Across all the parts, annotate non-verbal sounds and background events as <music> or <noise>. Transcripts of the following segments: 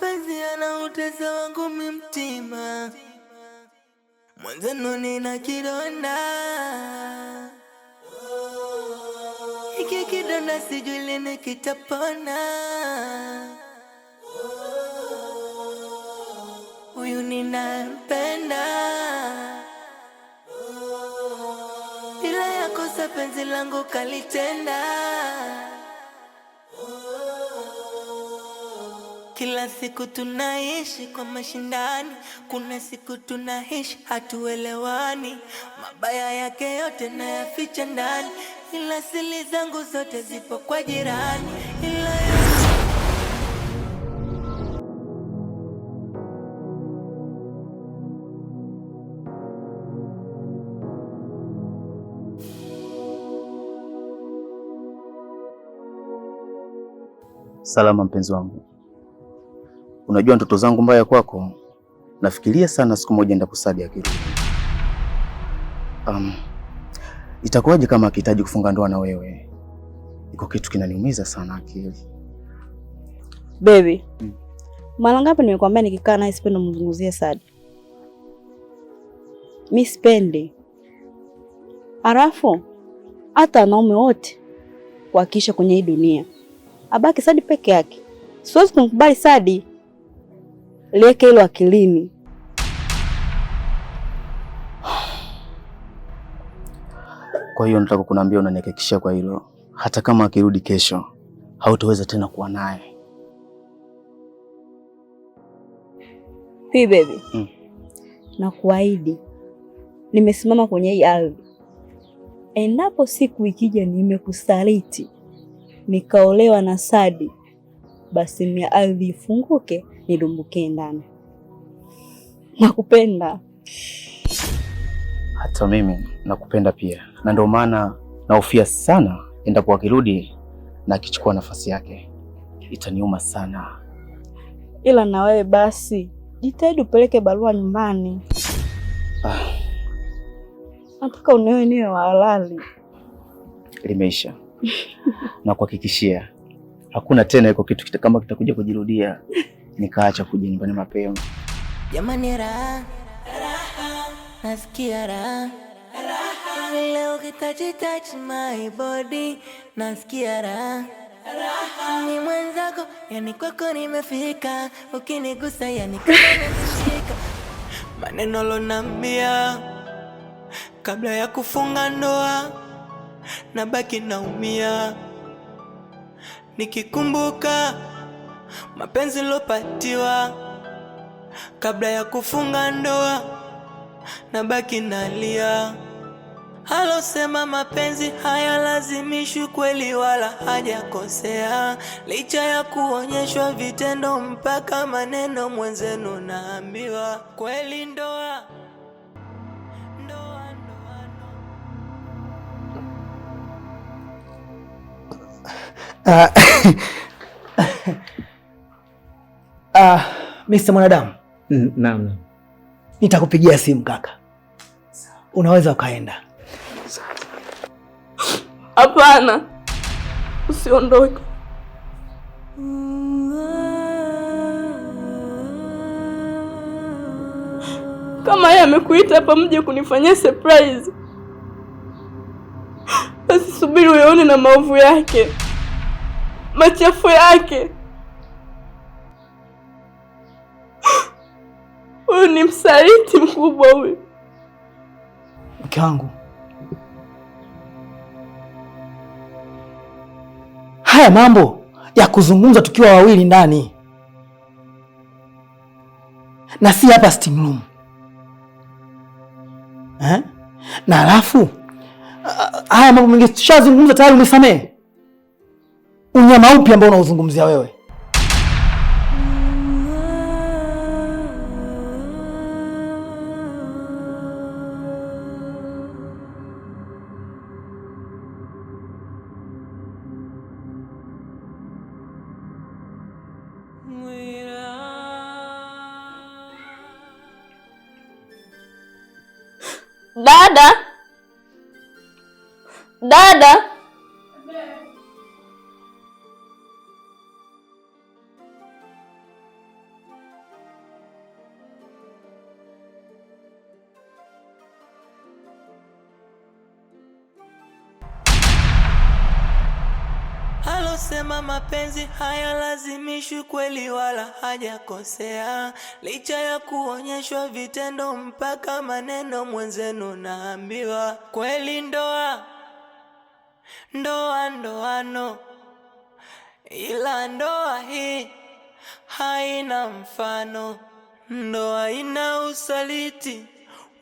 mapenzi yanautesa wangu mi mtima, mwenzenu nina kidonda iki kidonda, sijui lini kitapona. Huyu ninampenda bila yakosa, penzi langu kalitenda Kila siku tunaishi kwa mashindani, kuna siku tunaishi hatuelewani. Mabaya yake yote nayaficha ndani, ila siri zangu zote zipo kwa jirani, ila salama mpenzi wangu. Unajua ndoto zangu mbaya kwako, nafikiria sana siku moja ndakusadi akirudi. Um, itakuwaje kama akihitaji kufunga ndoa na wewe? Iko kitu kinaniumiza sana akili. Baby, hmm. Mara ngapi nimekwambia nikikaa naye sipendi mzunguzie Sadi. Mi sipendi. Arafu hata wanaume wote wakiisha kwenye hii dunia abaki Sadi peke yake. Siwezi kumkubali Sadi liweke hilo akilini. Kwa hiyo nataka kunaambia, unanihakikishia kwa hilo, hata kama akirudi kesho hautaweza tena kuwa naye Pii baby. Mm. na kuahidi, nimesimama kwenye hii ardhi, endapo siku ikija nimekusaliti nikaolewa na Sadi, basi mia ardhi ifunguke nidumbukie ndani. Nakupenda. Hata mimi nakupenda pia, na ndio maana nahofia sana endapo akirudi na akichukua nafasi yake itaniuma sana. Ila na wewe basi jitahidi upeleke barua nyumbani. Ah, nataka unewe niwe wa halali. Limeisha. Nakuhakikishia hakuna tena iko kitu kama kitakuja kujirudia nikaacha kuja nyumbani mapema. Jamani, raha raha, nasikia raha leo, touch my body, nasikia raha raha, ni mwenzako, yani kwako nimefika, ukinigusa yani kama nimeshika maneno lonambia kabla ya kufunga ndoa, nabaki naumia nikikumbuka mapenzi lopatiwa kabla ya kufunga ndoa, na baki nalia. Halo sema mapenzi haya kweli, wala hajakosea, licha ya kuonyeshwa vitendo mpaka maneno, mwenzenu naambiwa kweli ndoa ndoa ndoa, ndoa. Uh, ah, Mr. Mwanadamu. Mm, naam, naam. Nitakupigia simu kaka, unaweza ukaenda. Hapana, usiondoke. Kama yeye amekuita hapa mje kunifanyia surprise, basi subiri uyaone na maovu yake, machafu yake Huyu ni msaliti mkubwa huyu. Mke wangu, haya mambo ya kuzungumza tukiwa wawili ndani na si hapa sitting room eh? Na alafu ah, haya mambo mengi tushazungumza tayari, umesamehe unyama upi ambao unauzungumzia wewe Dada, dada sema mapenzi lazimishwi kweli wala hajakosea, licha ya kuonyeshwa vitendo mpaka maneno, mwenzenu naambiwa kweli. Ndoa ndoa ndoano, ila ndoa hii haina mfano. Ndoa ina usaliti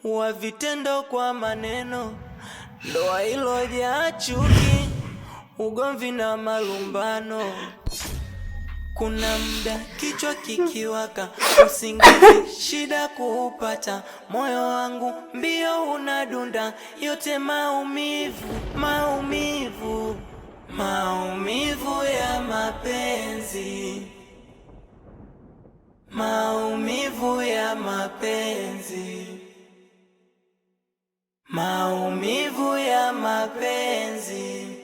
wa vitendo kwa maneno, ndoa ilojaa chuki ugomvi na malumbano, kuna mda kichwa kikiwaka, usingizi shida kuupata, moyo wangu mbio unadunda, yote maumivu, maumivu, maumivu ya mapenzi, maumivu ya mapenzi, maumivu ya mapenzi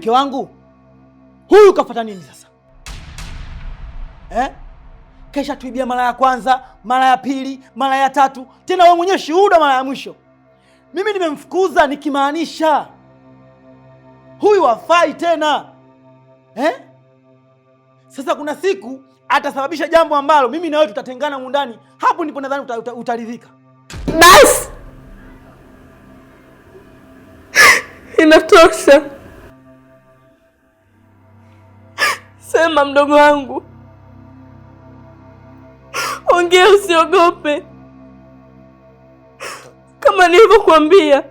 mke wangu huyu kafata nini sasa eh? Kesha tuibia mara ya kwanza, mara ya pili, mara ya tatu, tena wewe mwenyewe shuhuda mara ya mwisho. Mimi nimemfukuza nikimaanisha huyu hafai tena eh? Sasa kuna siku atasababisha jambo ambalo mimi na wewe tutatengana mundani. Hapo ndipo nadhani uta, uta, utaridhika. Basi inatosha. Sema mdogo wangu, ongea, usiogope. Kama nilivyokuambia,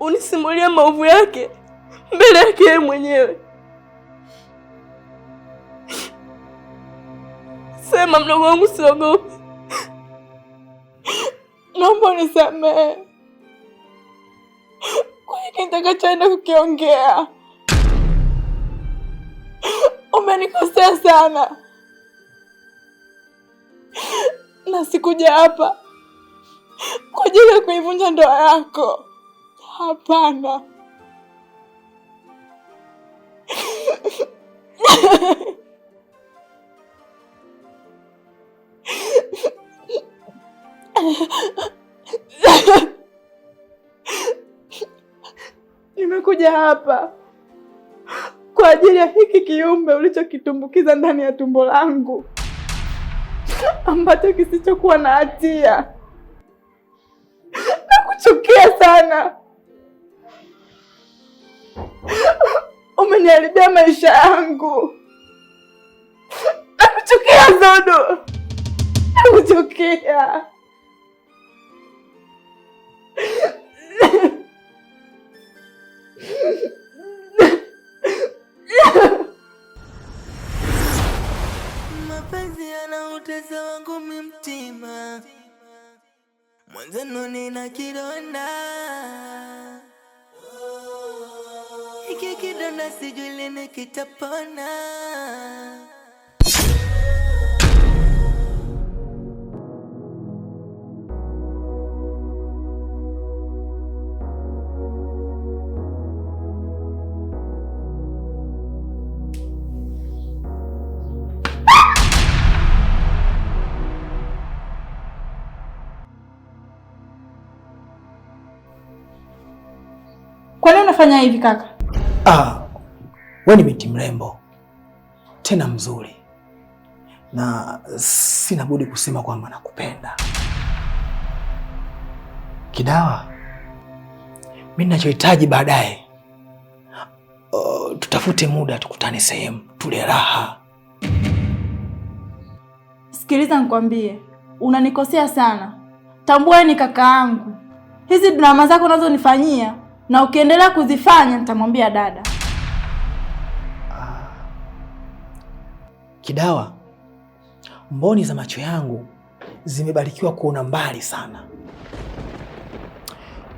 unisimulia maovu yake mbele yake yeye mwenyewe. Sema mdogo wangu, usiogope. Naomba unisamehe kwa hiki nitakachoenda kukiongea umenikosea sana, na sikuja hapa kwa ajili ya kuivunja ndoa yako. Hapana. Nimekuja hapa kwa ajili ya hiki kiumbe ulichokitumbukiza ndani ya tumbo langu <laughs> ambacho kisichokuwa na hatia. Nakuchukia sana, <laughs> umeniharibia maisha yangu. Nakuchukia zodo nakuchukia. mwenzenu nina kidonda hiki kidonda, sijui lini kitapona. unafanya hivi kaka? Ah, wewe ni binti mrembo tena mzuri, na sina budi kusema kwamba nakupenda. Kidawa, mimi ninachohitaji baadaye, uh, tutafute muda tukutane sehemu tule raha. Sikiliza nikwambie, unanikosea sana. Tambua ni kaka yangu, hizi drama zako unazonifanyia na ukiendelea kuzifanya nitamwambia dada. Kidawa, mboni za macho yangu zimebarikiwa kuona mbali sana.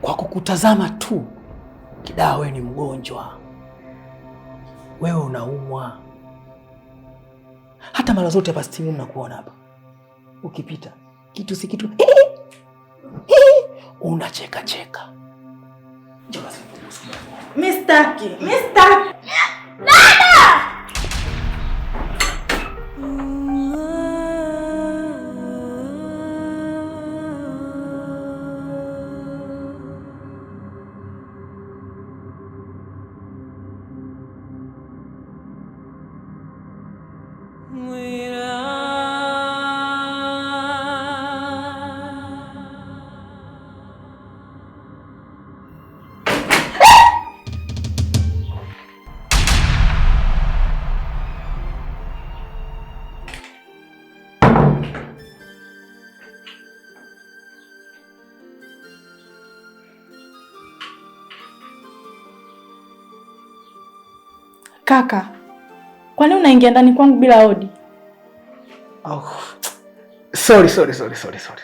Kwa kukutazama tu, Kidawa, wewe ni mgonjwa, wewe unaumwa. Hata mara zote hapa stimu mnakuona hapa, ukipita kitu si kitu unachekacheka. Yo lo hacía por vos, Me está aquí, me está Kaka, kwani unaingia ndani kwangu bila hodi? Oh. Sorry, sorry, sorry, sorry, sorry.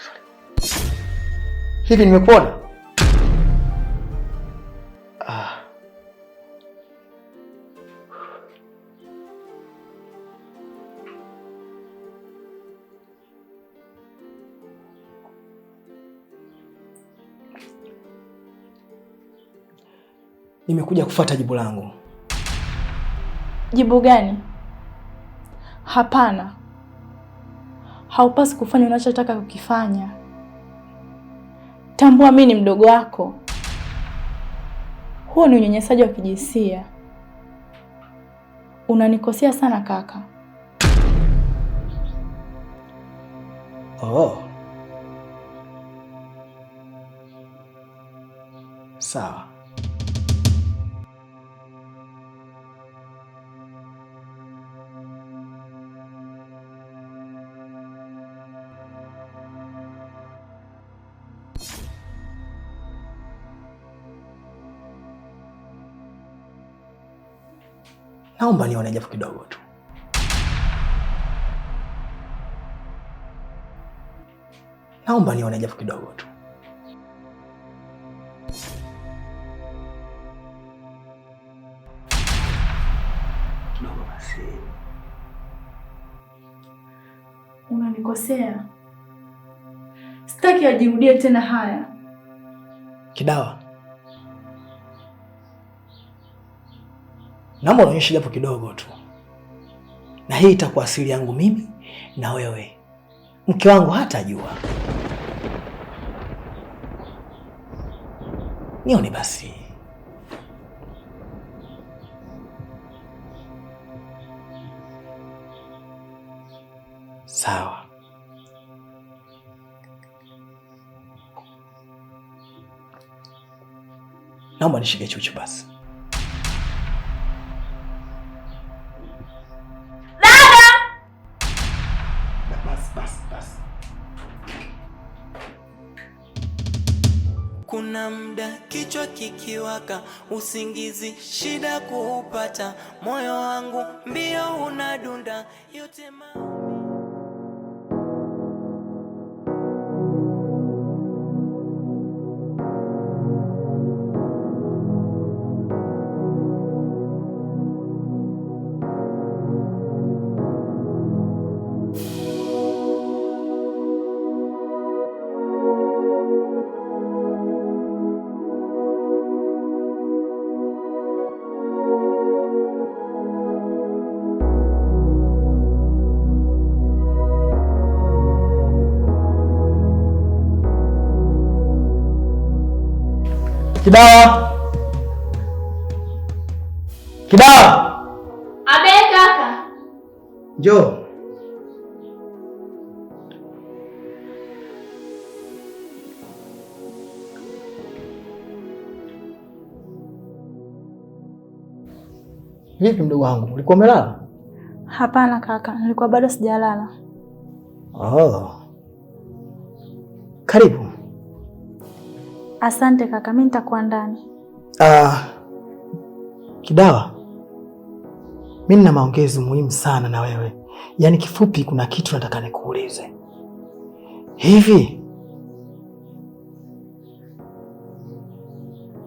Hivi nimekuona Ah. Nimekuja kufuata jibu langu. Jibu gani? Hapana, haupasi kufanya unachotaka kukifanya. Tambua mimi ni mdogo wako. Huo ni unyanyasaji wa kijinsia. Unanikosea sana kaka. Oh. Sawa. naomba nione japo kidogo tu. Naomba nione japo kidogo tu. Kidogo basi. Unanikosea. Sitaki ajirudie tena haya. Kidawa. naomba unionyeshe japo kidogo tu, na hii itakuwa siri yangu mimi na wewe. Mke wangu hatajua. Nione basi. Sawa. Naomba nishike chuchu basi. mpaka usingizi, shida kuupata, moyo wangu mbio unadunda yote ma Kidawa, Kidawa. Abe kaka, njoo. Vipi mdogo wangu, ulikuwa umelala? Hapana kaka, nilikuwa bado sijalala. Oh. Karibu. Asante kaka, mimi nitakuwa ndani. Ah, Kidawa, mimi nina maongezi muhimu sana na wewe, yaani kifupi, kuna kitu nataka nikuulize. Hivi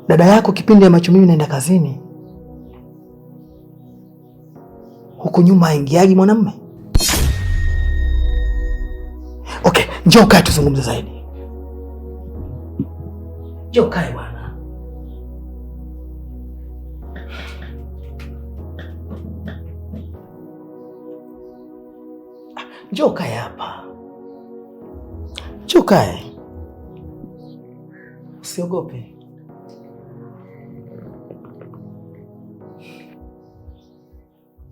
dada yako kipindi ambacho mimi naenda kazini huku nyuma aingiaji mwanamume? Okay, njoo kae tuzungumze zaidi. Jo, kae bwana. Jo, kae hapa. Jo, kae. Usiogope.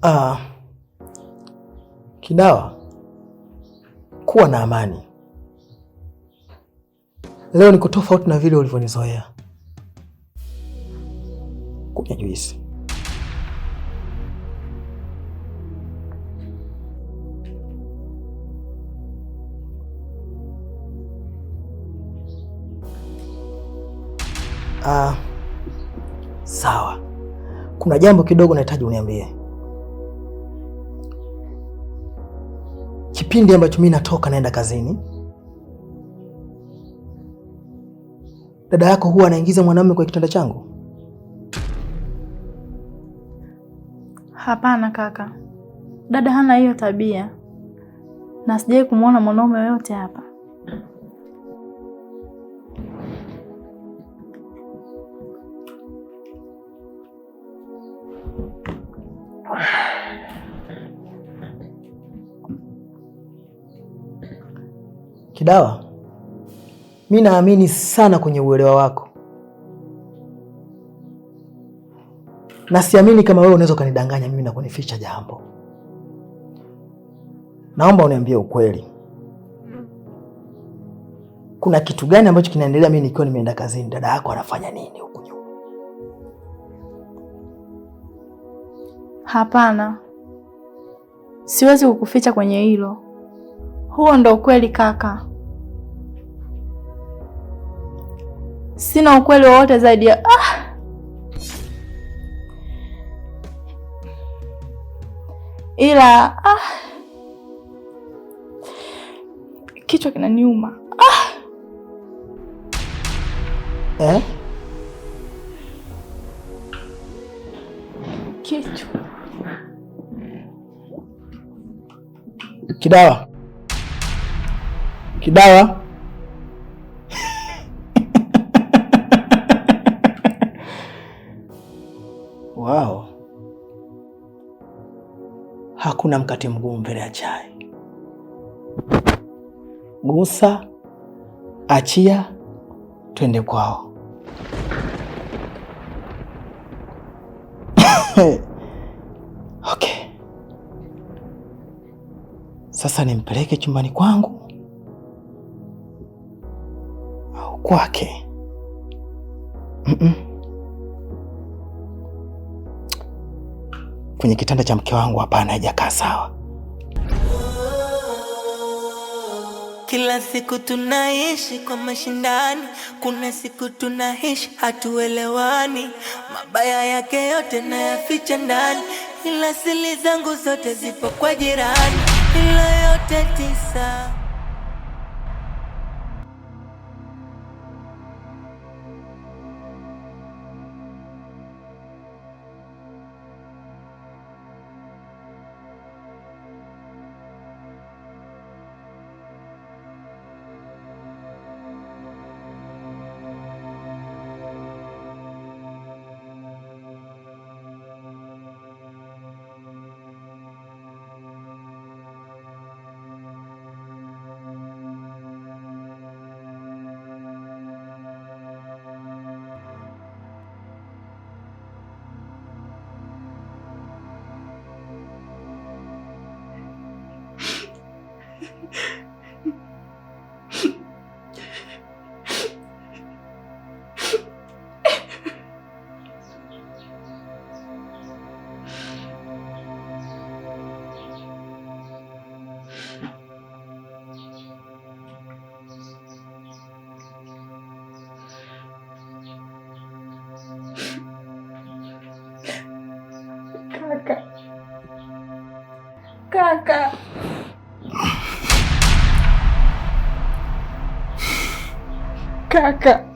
Ah, Kidawa, kuwa na amani. Leo niko tofauti na vile ulivyonizoea. Kunywa juisi. Ah, sawa. Kuna jambo kidogo nahitaji uniambie. Kipindi ambacho mimi natoka naenda kazini dada yako huwa anaingiza mwanamume kwa kitanda changu? Hapana kaka, dada hana hiyo tabia na sijai kumwona mwanaume yoyote hapa. Kidawa, mi naamini sana kwenye uelewa wako, na siamini kama wewe unaweza ukanidanganya mimi na kunificha jambo. Naomba uniambie ukweli, kuna kitu gani ambacho kinaendelea mimi nikiwa nimeenda kazini? Dada yako anafanya nini huku nyuma? Hapana, siwezi kukuficha kwenye hilo. Huo ndo ukweli kaka. Sina ukweli wowote zaidi ya ah! ila ah! kichwa kinaniuma ah! eh? kichwa kidawa kidawa wao hakuna mkate mgumu mbele ya chai. Gusa, achia, twende kwao. <coughs> Okay, sasa nimpeleke chumbani kwangu au kwake? Mm -mm. kwenye kitanda cha mke wangu, hapana, haijakaa sawa. Kila siku tunaishi kwa mashindani, kuna siku tunaishi hatuelewani. Mabaya yake yote nayaficha ndani, ila siri zangu zote zipo kwa jirani, ila yote tisa k a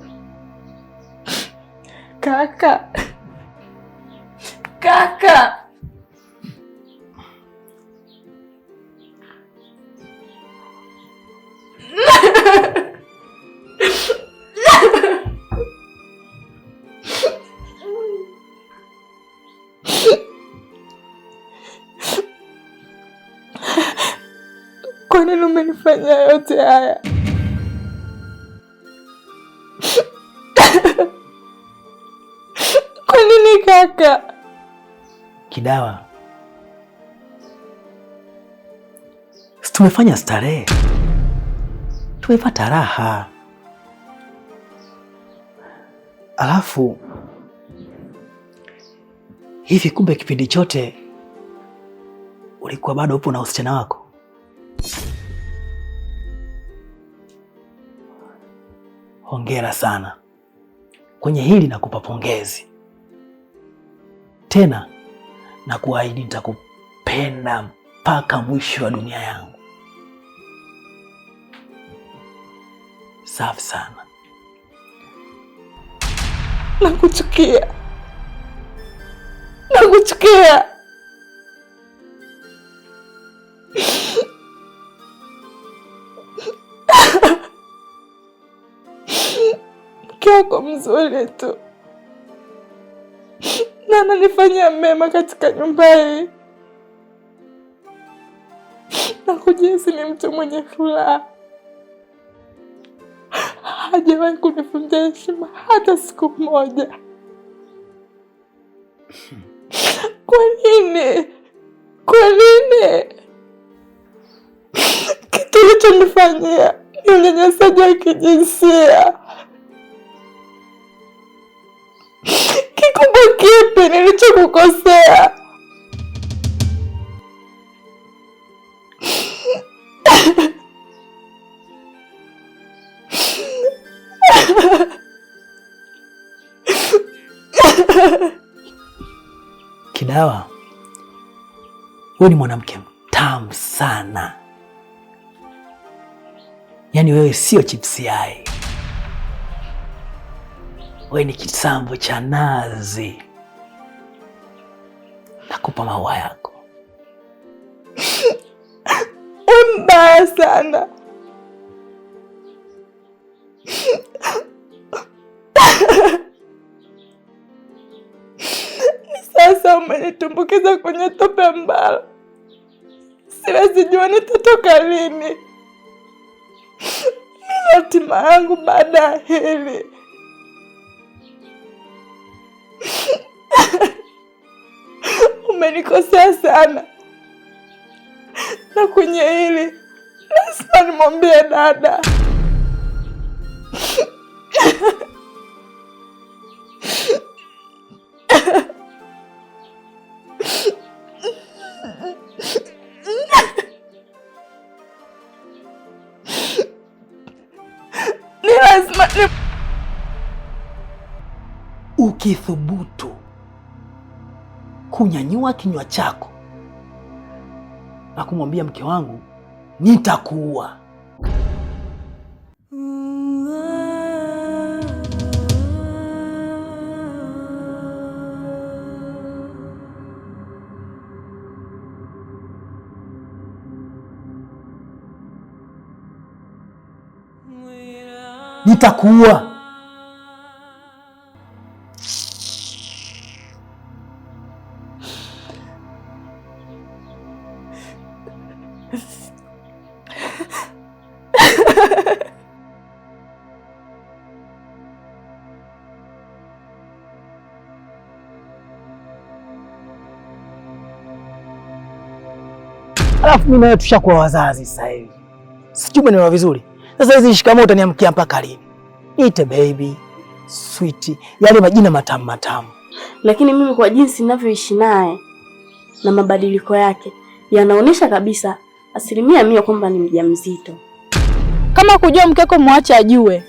kidawa, tumefanya starehe, tumepata raha, alafu hivi kumbe kipindi chote ulikuwa bado upo na usichana wako. Hongera sana kwenye hili, nakupa pongezi tena na kuahidi nitakupenda mpaka mwisho wa dunia yangu. Safi sana, nakuchukia, nakuchukia. Mke wako mzuri tu na ananifanyia mema katika nyumba hii na kujihisi ni mtu mwenye furaha. Hajawahi kunifunza heshima hata siku moja. Kwa nini? Kwa nini? Kitu ulichonifanyia ni unyanyasaji wa kijinsia. kikumbe kipi nilichokukosea? Kidawa, wewe ni mwanamke mtamu sana, yaani wewe sio chipsi yai we ni kisambo cha nazi, nakupa maua yako. <laughs> Mbaya sana <laughs> ni sasa umenitumbukiza kwenye tope ambalo siwezi jua nitatoka lini. Hatima yangu baada ya hili nilikosea sana, na kwenye hili lazima nimwambie dada. Ni lazima ukithubutu kunyanyua kinywa chako na kumwambia mke wangu nitakuua. Nitakuua. Alafu mimi nawe tushakuwa wazazi sasa hivi, sijui umenielewa vizuri. Sasa hizi shikamoo utaniamkia mpaka lini? Niite baby, sweetie, yale yaani majina matamu matamu. Lakini mimi kwa jinsi ninavyoishi naye na mabadiliko yake yanaonyesha kabisa asilimia mia kwamba ni mjamzito. Kama kujua mkeko mwache ajue.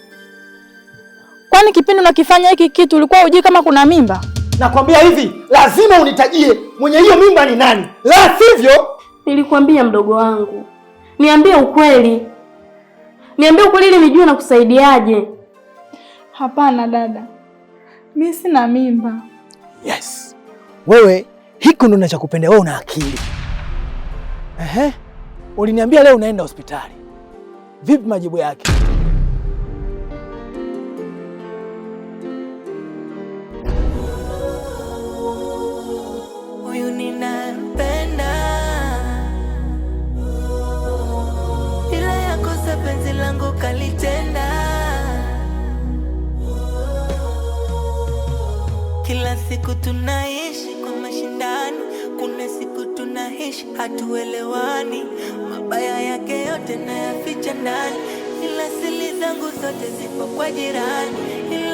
Kwani kipindi unakifanya hiki kitu ulikuwa hujui kama kuna mimba? Nakwambia hivi, lazima unitajie mwenye hiyo mimba ni nani, la sivyo. Nilikwambia mdogo wangu, niambie ukweli, niambie ukweli ili nijue nakusaidiaje. Hapana dada, mimi sina mimba. Yes, wewe hiko ndo nachokupendea, wewe una akili. Ehe. Uliniambia leo unaenda hospitali. Vipi majibu yake? Huyu yakosa penzi langu kalitenda. Kila siku tunaishi kwa mashindani, kuna siku tunaishi hatuelewani mabaya yake yote nayaficha ndani, ila siri zangu zote zipo kwa jirani.